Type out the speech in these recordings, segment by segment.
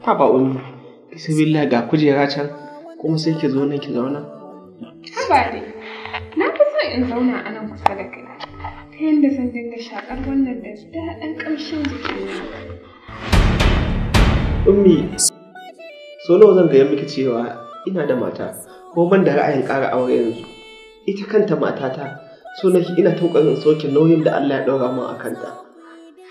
Ba ba Umu. bismillah ga kujera can kuma sai ki zo nan ki zauna ba dai na fi so in zauna a nan kusa da kai ta yadda zan dinga shakar wannan da daɗin ƙarshen jikin ummi so nawa zan gaya miki cewa ina da mata ko ban da ra'ayin ƙara aure yanzu ita kanta matata so nake ina ta ƙoƙarin sauke nauyin da Allah ya ɗaura min a kanta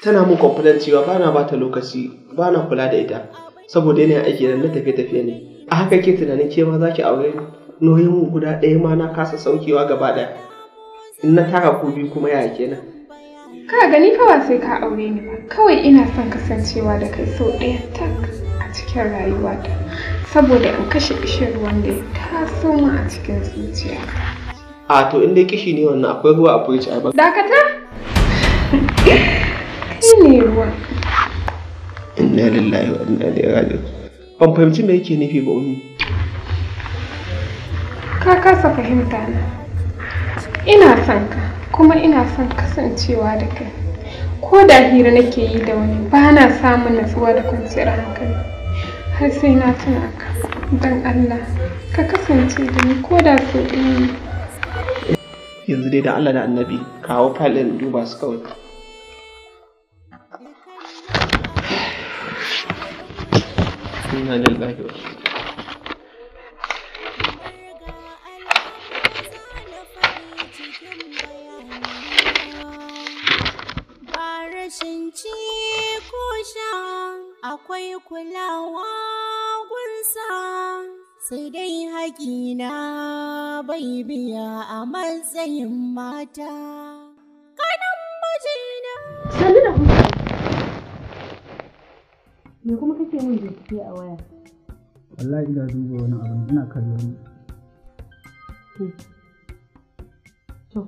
tana mun kwamfanin cewa ba na ba ta lokaci ba na kula da ita saboda yanayin aiki na tafiye-tafiye ne a haka ke tunanin ke ma za ki aure nauyin mu guda ɗaya ma na kasa saukewa gaba ɗaya in na tara ku biyu kuma yaya kenan ka gani kawai sai ka aure ni ba kawai ina son kasancewa da kai sau ɗaya tak a cikin rayuwata saboda in kashe ruwan da ya taso mu a cikin zuciya a to in dai kishi ne wannan akwai ruwa a fridge ai ba dakata ne ruwa inna lillahi wa inna ilaihi raji'un ban fahimci me yake nufi ba ummi ka kasa fahimta na ina son ka kuma ina son kasancewa da kai ko da hira nake yi da wani ba na samun natsuwa da kwanciyar hankali har sai na tuna ka don allah ka kasance da ni ko da sau ɗaya yanzu dai da allah da annabi kawo fal ɗin duba su kawai inna lillahi wa Rashin ci ko sha akwai kulawa gunsa sai dai haƙina bai biya a matsayin mata. Kanan majina. Sannu da me kuma kake min bincike a waya wallahi ina duba wani abu ina kallon to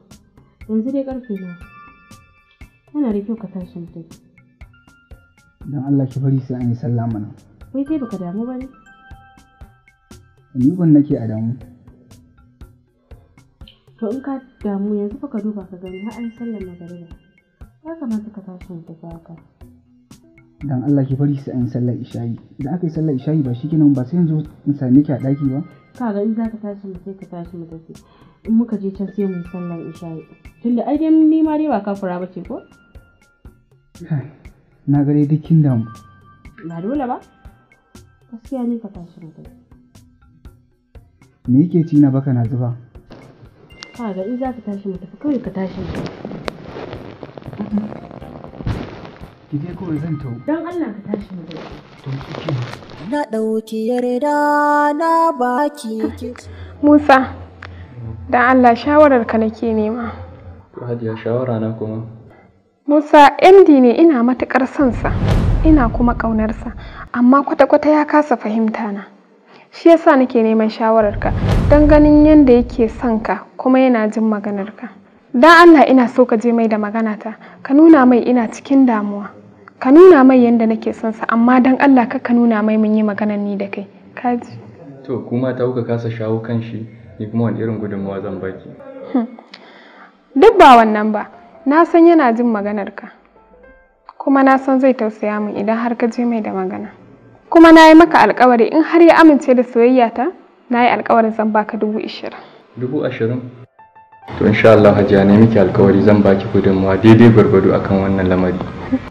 yanzu dai karfe na yana da kyau ka tashi mutum don Allah ki bari sai an yi sallah mana wai kai baka damu ba ne ni ban nake a damu to in ka damu yanzu ka duba ka gani har an sallar magariba ya kamata ka tashi mutum ka dan Allah ki bari sai an sallar isha'i idan aka yi sallar isha'i ba shikenan ba sai yanzu in same ki a daki ba ga in zaka tashi mu sai ka tashi mu tafi in muka je can sai mu sallar isha'i tunda ai dai ni ma dai ba kafura bace ko na ga dai dukkin mu ba dole ba gaskiya ni ka tashi mu tafi me yake ci na baka na zuba ga in zaka tashi mu tafi kawai ka tashi mu tafi ki je kawai zan tau. Na ɗauki yarda na baki Musa, don Allah shawarar ka nake nema. Hajiya shawara na kuma. Musa MD ne ina matuƙar son ina kuma ƙaunarsa, amma kwata-kwata ya kasa fahimta na. Shi yasa nake neman shawararka don ganin yadda yake son ka kuma yana jin maganarka. Don Allah ina so ka je mai da maganata, ka nuna mai ina cikin damuwa. ka nuna mai yadda nake son sa amma don Allah ka ka nuna mai mun yi magana ni da kai ka to kuma ta kuka kasa shawo kan shi ni kuma wani irin gudunmawa zan baki hmm. duk ba wannan ba na san yana jin maganar ka kuma na san zai tausaya min idan har ka je mai da magana kuma na yi maka alkawari in har ya amince da soyayya ta na yi alkawarin zan baka dubu ashirin dubu ashirin to insha Allah hajiya ne miki alkawari zan baki gudunmawa daidai gwargwado akan wannan lamari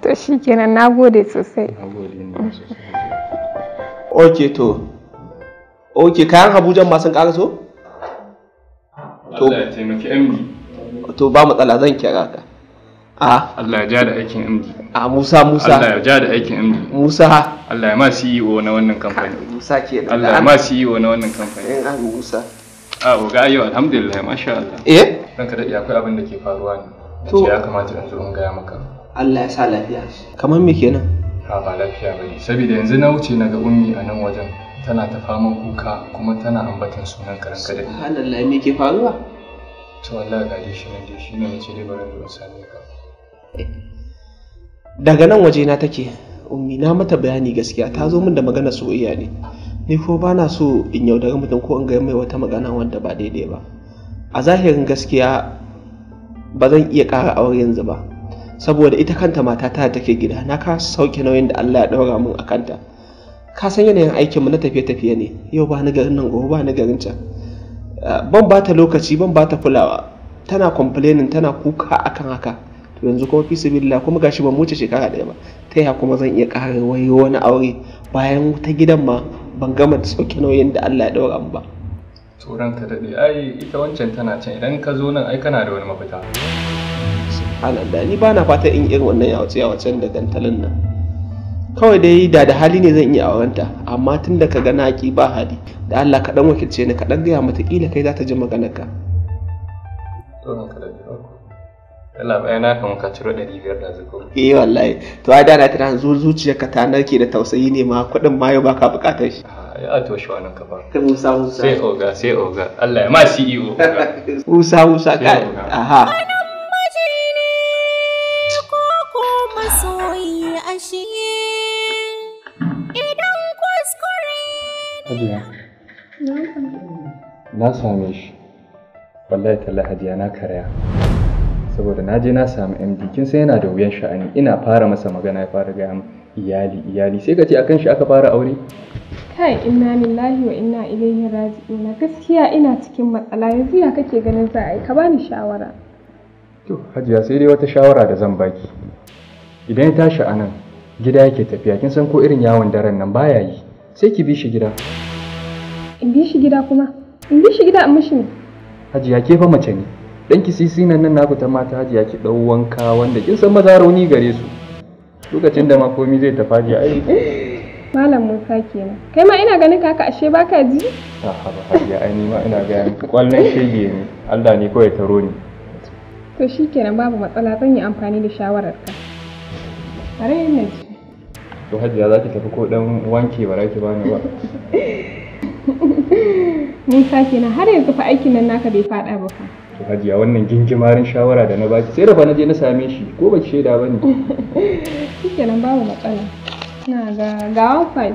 to shikenan nagode sosai ok to ok kayan habujan ma sun ƙara so to Allah ya taimaki MD to ba matsala zan kira ka a Allah ya ja da aikin MD a Musa Musa Allah ya ja da aikin MD Musa Allah ya ma CEO na wannan kamfani Musa ke Allah ya ma CEO na wannan kamfani in an Musa a ah, ga yau alhamdulillah masha Allah eh dan ka daɗe, akwai abin da ke faruwa ne to ya kamata in zo in gaya maka Allah ya sa lafiya kamar me kenan a ba lafiya bane saboda yanzu na wuce na ga ummi a nan wajen tana ta fama kuka kuma tana ambatan sunan karan ka dade subhanallah me ke faruwa to wallahi ga dai shi nan dai shi ne nace dai bari in same ka daga nan waje na take ummi na mata bayani gaskiya ta zo min da magana soyayya ne ni ko ba na so in yaudari mutum ko in ga mai wata magana wanda ba daidai ba a zahirin gaskiya ba zan iya ƙara aure yanzu ba saboda ita kanta mata ta take gida na ka sauke nauyin da Allah ya ɗaura mun a kanta ka san yanayin mu na tafiye-tafiye ne yau ba ni garin nan gobe ba ni garin can ah, ban ba ta lokaci ban ba ta kulawa tana complaining tana kuka akan haka to yanzu kuma fi sabilla kuma gashi ban wuce shekara ɗaya ba ta yaya kuma zan iya ƙara wayo wani aure bayan ta gidan ma ban gama da sauke nauyin da Allah ya daura ba turan ta daɗe, ai ita wancan tana can idan ka zo nan ai kana da wani mafita da ni ba na fata in irin wannan yawace yawacen da dantalin nan kawai dai da da hali ne zan iya aurenta amma tun da ka ga naki ba hali da Allah ka dan wakilce ni ka gaya mata ƙila kai za ta ji maganarka. turan ka dade Allah bai na kan ka ciro biyar da zuko eh wallahi to ai da na tana zuciyarka ta narke da tausayi ne ma kuɗin ma yau baka buƙatar shi ah, ya to shi wannan kafa kai Musa Musa sai oga sai oga Allah ya ma CEO Musa Musa kai aha Hajiya. Na same shi. Wallahi talla Hajiya na karya. saboda na je na samu md kin san yana da wuyan sha'ani ina fara masa magana ya fara gaya iyali iyali sai ka ce akan shi aka fara aure kai inna lillahi wa inna ilaihi raji'un gaskiya ina cikin matsala yanzu ya kake ganin za a yi ka bani shawara to hajiya sai dai wata shawara da zan baki idan ya tashi a nan gida yake tafiya kin san ko irin yawon daren nan baya yi sai ki bi shi gida in bi shi gida kuma in bi shi gida a mashin hajiya ke fa mace ne dan ki sisi nan nan naku ta mata hajiya ki dau wanka wanda kin san maza rauni gare su lokacin da ma komai zai tafa ji ai malam Musa kenan kai ma ina ganin kaka ashe baka ji A'a ah, ba, hajiya ai ni ma ina ga kwallon shege ne Allah ne kawai taro ni to shikenan babu matsala zan yi amfani da shawararka are ina ji to hajiya za ki tafi ko dan wanke ba ki bani ba Musa kenan har yanzu fa aikin nan naka bai fada ba fa to hajiya wannan gingimarin shawara da na ba sai da fa na je na same shi ko ba shaida bane shikenan babu matsala ina ga ga wifi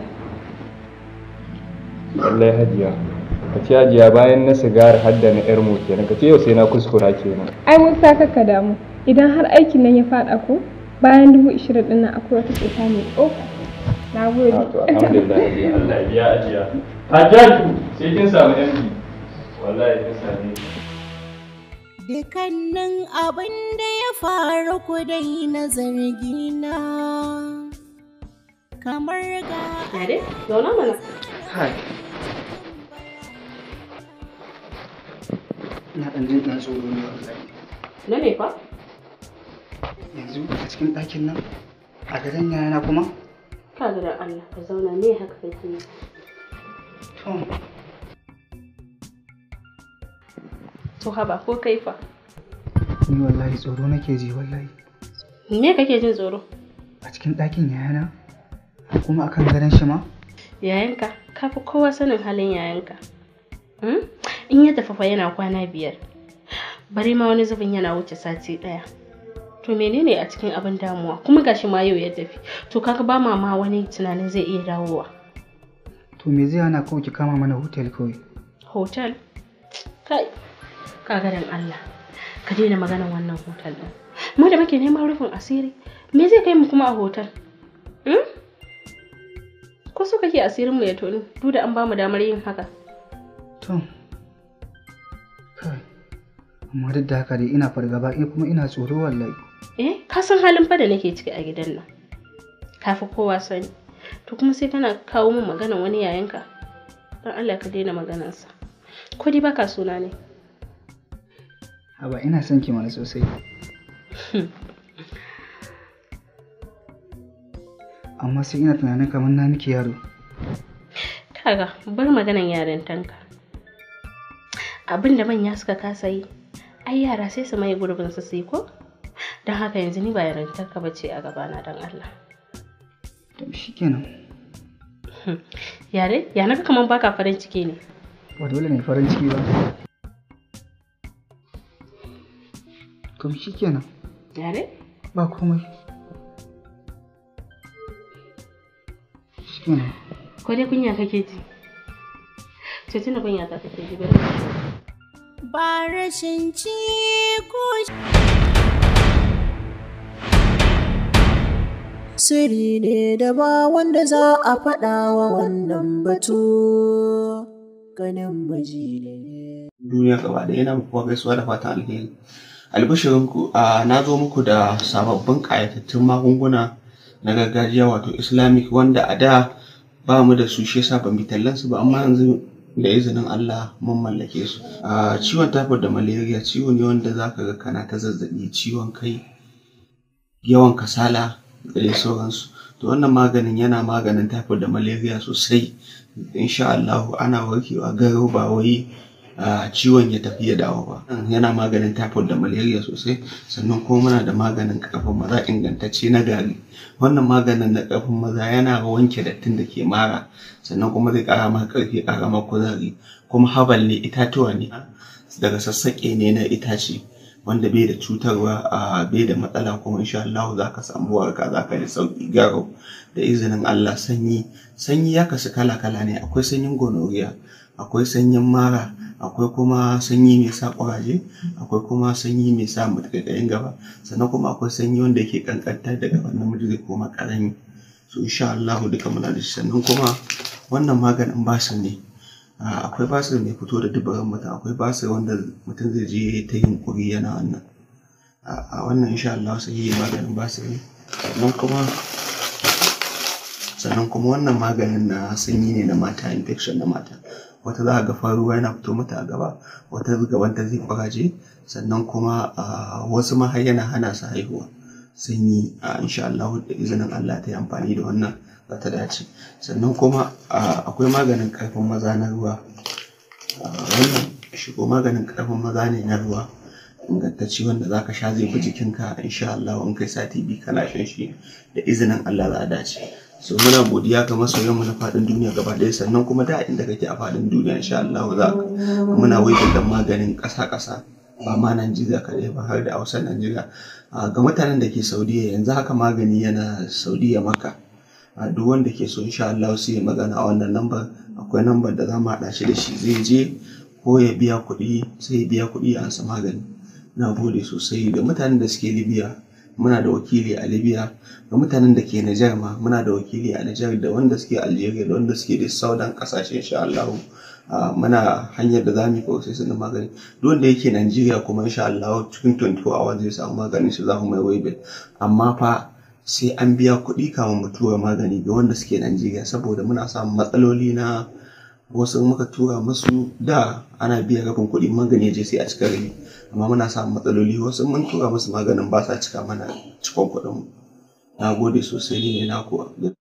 lallai hajiya ka ce hajiya bayan na sigari har da na yar mu kenan ka ce yau sai na kuskura kenan ai mun sa ka damu idan har aikin nan ya faɗa ko bayan dubu ishirin din nan akwai wata cuta mai tsoka na gode alhamdulillah hajiya Allah ya hajiya sai kin samu MD wallahi kin same Dukannin abin da ya faru ku dai na zargina kamar ga. Tare, zauna mana. Hai. Na ɗan jin ɗan tsoro ne wanda zai. Na ne fa? Yanzu a cikin ɗakin nan a gadon yana kuma? Ka gadon Allah ka zauna ne haka kake yi. To. to haba ko kai fa ni wallahi tsoro nake ji wallahi me kake jin tsoro a cikin ɗakin yayana kuma akan gadon shi ma yayanka ka kowa sanin halin yayanka hmm? in ya tafafa yana kwana biyar bari ma wani zubin yana wuce sati ɗaya to menene a cikin abin damuwa kuma gashi ma yau ya tafi to kaga ba ma ma wani tunanin zai iya dawowa to me zai hana kawai ki kama mana hotel kawai hotel kai kagaran Allah ka daina maganan wannan hotel din mu da muke neman rufin asiri me zai kai mu kuma a hotel hmm? ko so kake asirin mu ya toni duk da an ba mu damar yin haka to amma duk da haka dai ina fargaba eh kuma ina tsoro wallahi eh ka san halin fa da nake ciki a gidan nan kafi kowa sani to kuma sai kana kawo min maganan wani ka, dan Allah ka daina sa. ko dai baka suna ne Haba ina son ki mana sosai. Amma sai ina tunanin kamar na miki yaro. Kaga bar maganan tanka Abin da manya suka kasa yi, ai yara sai su mai gurbin su sai ko? Don haka yanzu ni ba yarintarka ba ce a gabana don Allah. To shi kenan. Hmm. Yare, yana kamar baka farin ciki ne. Ba dole ne farin ciki ba. to shi kenan yare ba komai shikenan ko dai kunya kake ji to tuna kunya ta kake ji bari ba rashin ci ko sirri ne da ba wanda za a faɗa wa wannan batu ganin ne. duniya gaba da yana muku gaisuwa da fatan alheri albashirinku a na zo muku da sababbin ƙayatattun magunguna na gargajiya wato islamic wanda a da ba mu da su shi yasa ba mu su ba amma yanzu da izinin Allah mun mallake su a ciwon typhoid da malaria ciwo ne wanda zaka ga kana ta zazzabi ciwon kai yawan kasala da dai sauransu to wannan maganin yana maganin typhoid da malaria sosai insha Allah ana warkewa garo ba wai ciwon ya tafi ya dawo ba yana maganin typhoid da malaria sosai sannan kuma muna da maganin kafin maza ingantacce na gari wannan maganin na ƙarfin maza yana wanke dattin da ke mara sannan kuma zai kara maka karfi kara maka kuzari kuma habal ne itatuwa ne daga sassaƙe ne na itace wanda bai da cutarwa a bai da matsala kuma insha Allah za ka samu warka za ka yi sauki garo da izinin Allah sanyi sanyi ya kasu kala kala ne akwai sanyin gonoriya akwai sanyin mara akwai kuma sanyi mai sa ƙuraje akwai kuma sanyi mai sa mutuƙaƙayin gaba sannan kuma akwai sanyi wanda yake ƙanƙantar da gaban namiji zai koma ƙarami so insha Allah duka muna da shi sannan kuma wannan maganin basir ne akwai basir mai fito da dubaran mutum akwai basir wanda mutum zai je ta yunƙuri yana wannan a wannan insha Allah sai maganin basir ne sannan kuma sannan kuma wannan maganin na sanyi ne na mata infection na mata wata za a ga faruwa yana fito mata a gaba wata gaban ta zai kwaraje sannan kuma wasu ma yana hana su haihuwa sun yi a insha Allah da izinin Allah ta yi amfani da wannan ba ta dace sannan kuma akwai maganin karfin maza na ruwa wannan shigo maganin karfin maza ne na ruwa ingantacce wanda zaka sha zai fi jikinka insha Allah in kai sati biyu kana shan shi da izinin Allah za a dace so muna godiya ga masoyanmu na faɗin duniya gaba ɗaya sannan kuma da inda kake a fadin duniya insha Allah za ka muna waye da maganin ƙasa-ƙasa ba ma Najeriya kaɗai ba har da Hausar Najeriya ga mutanen da ke Saudiya yanzu haka magani yana Saudiya maka duk wanda ke so insha Allah su yi magana a wannan lambar akwai lambar da za mu haɗa shi da shi zai je ko ya biya kuɗi sai ya biya kuɗi a ansa magani na gode sosai da mutanen da suke Libya muna da wakili a libya da mutanen da ke nijar ma muna da wakili a nijar da wanda suke algeria da wanda suke da sauran kasashe insha allahu muna hanyar da zamu yi processing din magani duk wanda yake Najeriya kuma insha Allah cikin 24 hours zai samu maganin shi zamu mai waibe amma fa sai an biya kuɗi kawo mutuwar magani ga wanda suke Najeriya saboda muna samun matsaloli na wasu muka tura musu da ana biya rabin kuɗi magani je sai a cika rai amma muna samun matsaloli wasu mun tura musu maganin ba sa cika mana cikon kuɗin na gode sosai ne na ku